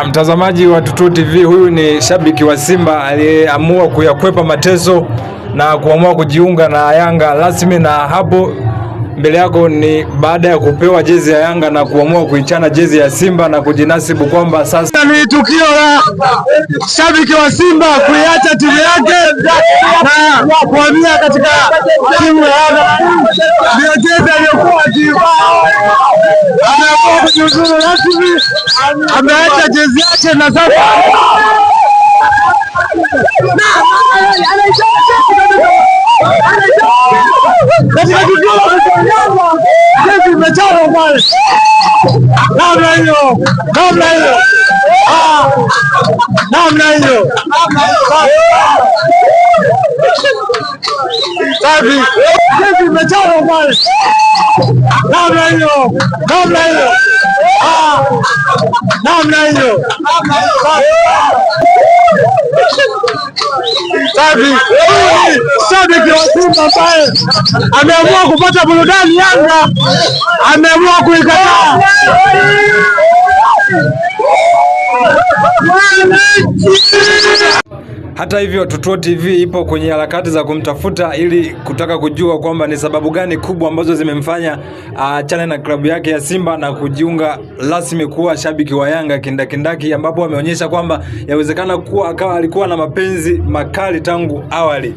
Ah, mtazamaji wa Tutu TV, huyu ni shabiki wa Simba aliyeamua kuyakwepa mateso na kuamua kujiunga na Yanga rasmi, na hapo mbele yako ni baada ya kupewa jezi ya Yanga na kuamua kuichana jezi ya Simba na kujinasibu kwamba sasa ni tukio la shabiki wa Simba kuiacha timu yake na kuhamia katika timu ya Yanga ameamua kujiuzuru rasmi, ameacha jezi yake na sasa namna hiyo, namna hiyo, ah, namna hiyo safi, jezi imechana pale namna hiyo, namna hiyo, ah, namna hiyo shabiki wa Simba ambaye ameamua kupata burudani Yanga ameamua kuikataa. Hata hivyo, Tutuo TV ipo kwenye harakati za kumtafuta ili kutaka kujua kwamba ni sababu gani kubwa ambazo zimemfanya aachane na klabu yake ya Simba na kujiunga rasmi kuwa shabiki wa Yanga kindakindaki, ambapo ameonyesha kwamba yawezekana kuwa akawa alikuwa na mapenzi makali tangu awali.